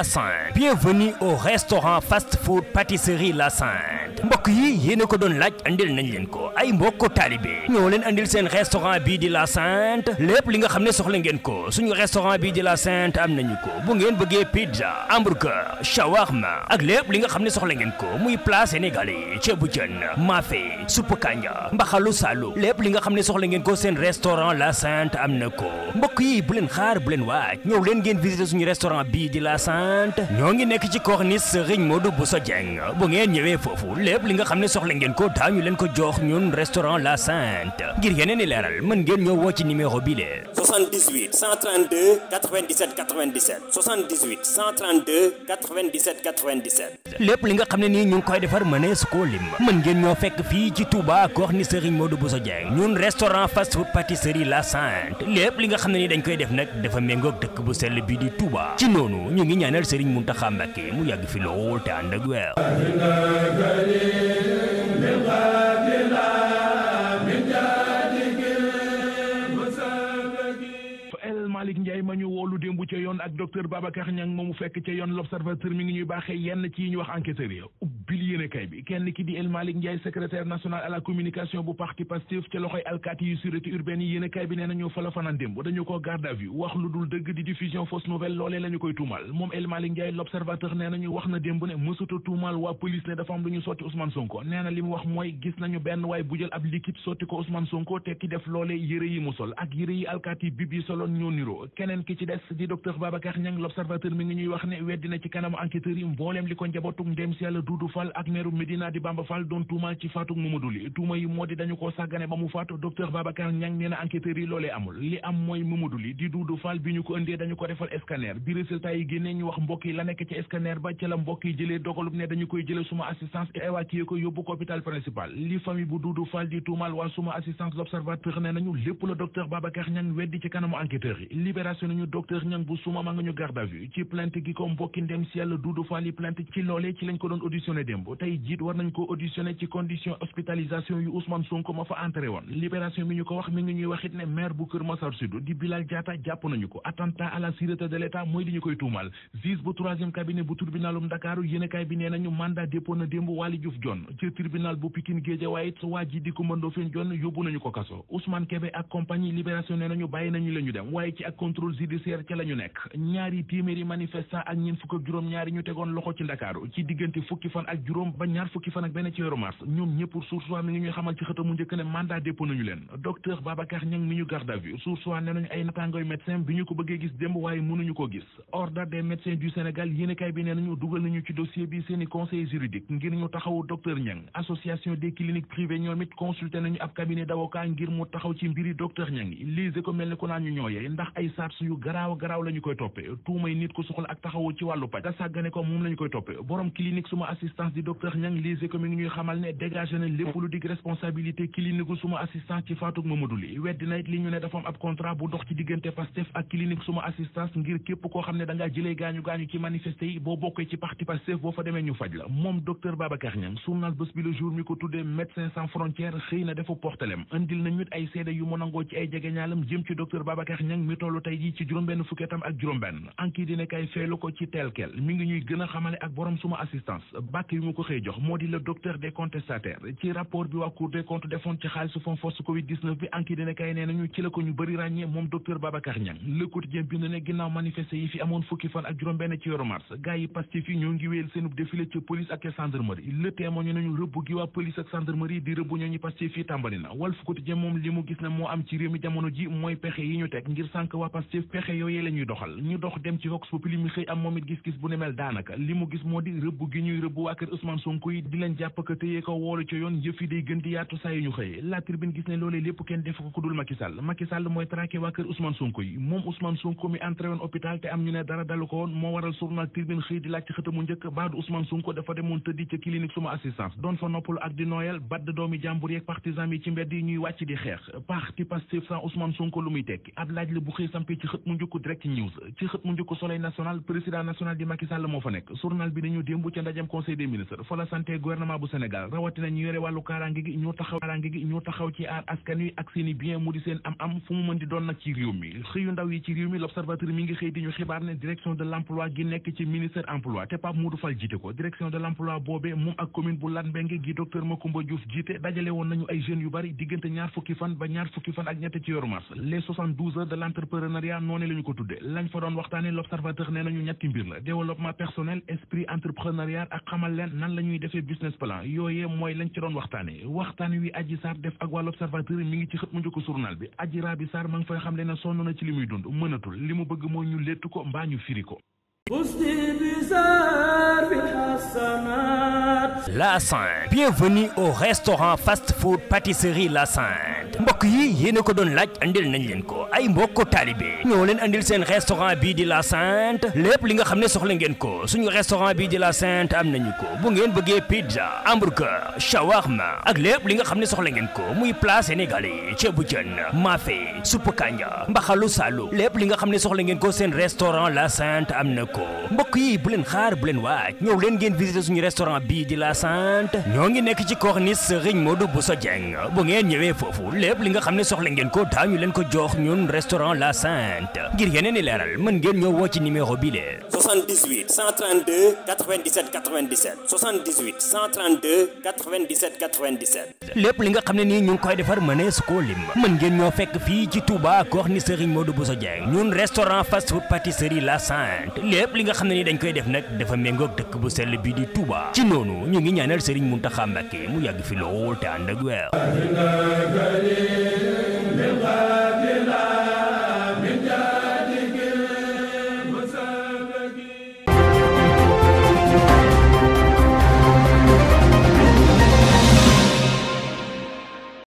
Lassin. Bienvenue au restaurant fast-food pâtisserie Lassin. mbokk yi yéen ko doon laaj andil nañ leen ko ay mbokko taalibe ñoo leen andil seen restaurant bii di la Sainte lépp li nga xam ne soxla ngeen ko suñu restaurant bii di la Sainte am nañu ko bu ngeen bëggee pizza hamburger shawarma ak lépp li nga xam ne soxla ngeen ko muy plat sénégalais u jën mafé supp kanja mbaxalu salu lépp li nga xam ne soxla ngeen ko seen restaurant la Sainte am na ko mbokk yi bu leen xaar bu leen waaj ñëw leen ngeen visiter suñu restaurant bii di la Sainte ñoo ngi nekk ci corniche Serigne Modou Bousso Dieng bu ngeen ñëwee foofu lépp li nga xam ne soxla ngeen ko daañu leen ko jox ñun restaurant La Sainte ngir yeneen i leeral mën ngeen ñoo woo ci numéro bi lee 78 132 97 97 78 lépp li nga xam ne nii ñu ngi koy defar mënees koo lim mën ngeen ñoo fekk fii ci Touba Corniche Serigne Modou Bousso Dieng ñun restaurant fast food pâtisserie La Sainte lépp li nga xam ne nii dañ koy def nag dafa méngoog dëkk bu sell bi di Touba ci noonu ñu ngi ñaanal Serigne Mountakha Mbacké mu yàgg fi lool te ànd ak weer Amen Malick Ndiaye ma ñu woolu démbu ca yoon ak docteur Babacar Niang moomu fekk ca yoon l'observateur mi ngi ñuy baaxee yenn ci yi ñu wax enquêteurs yi bil kay bi kenn ki di El Malick Ndiaye secrétaire à la communication bu parti Pastef ca loxoy alkaati yu sûreté urbaine yi yéene kay bi nee na ñoo fanaan démb dañu ko garde à vue wax lu dul dëgg di diffusion fausse nouvelle loolee la koy tuumal moom El Malick l'observateur nee ñu wax yow keneen ki ci des di docteur Babacar Niang l'observateur mi ngi ñuy wax ne na ci kanamu enquêteurs yi mbooleem li ko njabootu ndem si yàlla Doudou Fall ak meeru Medina di Bamba Fall doon tuumal ci mu faatu docteur Babacar Niang nee na enquêteurs yi loolee amul li am mooy Mamadou ñu ko indee dañu ko defal scanner bi résultat ñu wax mbokk yi la nekk ci scanner ba ci la mbokk yi ko yóbbu ko hôpital principal li famille bu Doudou Fall di tuumal waa suma assistance l'observateur ne nañu lépp la docteur Babacar Niang weddi ci kanamu enquêteurs yi libération nañu docteur ñang bu suma ma nga ñu garde à vue ci plainte gi ko mbokki ndem si yàlla duudu faal yi ci loolee ci lañ ko doon auditionné démb tey jiit war nañ ko auditionné ci condition hospitalisation yu Ousmane Sonko ma fa entré woon libération mi ñu ko wax mi ngi ñuy waxit ne maire bu Kër Massar Sud di Bilal Diatta jàpp nañu ko attentat à la sûreté de l'État mooy li ñu koy tuumal juge bu troisième cabinet bu tribunalum Dakar yéenekaay contrôle judiciaire ca la nekk ñaari téeméeri manifestant ak ñeen fukk ak juróom ñaari ñu tegoon loxo ci Ndakaaru ci diggante fukki fan ak juróom ba ñaar fukki fan ak benn ci weeru mars ñoom ñëpp Source mi ngi ñuy xamal ci xët njëkk ne mandat dépôt nañu leen docteur Babacar Niang mi ñu garde à vue Source A nañu ay natangoy médecin bi ñu ko bëggee gis démb waaye mënuñu ko gis ordre des médecins du Sénégal yéenekaay bi nee nañu dugal nañu ci ay sars yu garaaw garaaw la ñu koy toppe tuumay nit ko soxla ak taxawu ci wàllu paj nga sàggane ko moom la koy toppe borom clinique suma assistance di docteur ñang lise koo xam ne da ngaa jëlee gaañu gaañu ci mi tollu tollu tey ji ci juróom-benn fukki atam ak juróom-benn anki dina feelu ko ci teelkeel mi ngi ñuy gën xamale ak borom suma assistance bàkk bi mu ko xëy jox moo di le docteur des contestataires ci rapport bi waa cour des ci xaalisu fond force covid 19 bi anki dina nee nañu ci la ko ñu bëri ràññee moom docteur Babacar Niang le quotidien bind ne ginnaaw manifesté yi fi amoon fukki fan ak juróom-benn ci yoru mars gars yi ñoo ngi wéyal seenub défilé waa Pastef pexe yooyee la ñuy doxal ñu dox dem ci vox populi mi xëy am moom it gis-gis bu ne daanaka li mu gis moo di rëbb gi ñuy rëbb waa kër Ousmane Sonko yi di leen jàpp ko téyee yoon yëf yi gën di yaatu saa yu ne loolee lépp kenn def ko ku dul Macky Sall Macky Sall mooy traqué waa kër Ousmane Sonko woon dara dalu ko woon moo waral journal tribune xëy di laaj ci xëtamu njëkk baadu Ousmane Sonko dafa demoon tëddi ca clinique suma assistance doon fa noppalu ak di nooyal badd doomi jàmbur yeeg partisan yi ci mbedd yi ñuy wàcc di xeex parti Pastef sans Ousmane Sonko lu muy tekki ab laaj la bu campé ci xët mu njëkk direct news ci xët mu njëkk soleil national président national di Macky Sall moo fa nekk journal bi nañu démb ca ndajam conseil des ministres fa santé gouvernement bu Sénégal rawatina ñu yore wàllu kaaraange gi ñoo taxaw ci aar askan wi ak seeni bien mu di seen am am fu mu mën di doon nag ci réew mi xëyu ndaw yi ci réew mi l'observateur mi ngi xëy di ñu xibaar ne direction de l'emploi gi nekk ci ministère emploi te Pape Modou Fall jiite entrepreneuriat noonu la ñu ko tudde lañ fa doon waxtaane l'observateur nee nañu ñetti mbir la développement personnel esprit entrepreneuriat ak xamal leen nan la ñuy defee business plan yooyee mooy lañ ci doon waxtaane waxtaan wi Adji Sarr def ak waa l'observateur mi ngi ci xët mu njëkk journal bi Adji Raby Sarr ma ngi fay xam le ne sonn na ci li muy dund mënatul li mu bëgg mooy ñu léttu ko mbaa ñu firi ko La Sainte bienvenue au restaurant fast food pâtisserie La Sainte mbokk yi yéena ko doon laaj andil nañ leen ko ay mbokk taalibe ñoo leen andil seen restaurant bii di la Sainte lépp li nga xam ne soxla ko suñu restaurant bii di la Sainte am nañu ko bu ngeen bëggee pizza hamburger shawarma ak lépp li nga xam ne soxla ngeen ko muy plat sénégalais ceebu jën mafé supp kanja mbaxalu salu lépp li nga xam ne soxla ngeen ko seen restaurant la Sainte am na ko mbokk yi bu leen xaar bu leen waaj ñëw leen ngeen visiter suñu restaurant bii di la Sainte ñoo ngi nekk ci corniche Serigne Modou Bousso Dieng bu ngeen ñëwee foofu lépp li nga xam ko daañu Saloum restaurant La i leeral mën ngeen ñoo woo ci numéro bi le 78 132 97 97 78 132 97 97 lépp li nga xam ne nii ñu ngi koy defar mënees koo lim mën ngeen ñoo fekk fii ci Touba Corniche Serigne Modou Bousso Dieng ñun restaurant fast food pâtisserie La Sainte lépp li nga xam ne nii dañ koy def nag dafa méngoog dëkk bu sell bi di Touba ci noonu ñu ngi ñaanal Serigne Mountakha Mbacké mu yàgg fi lool te ànd ak weer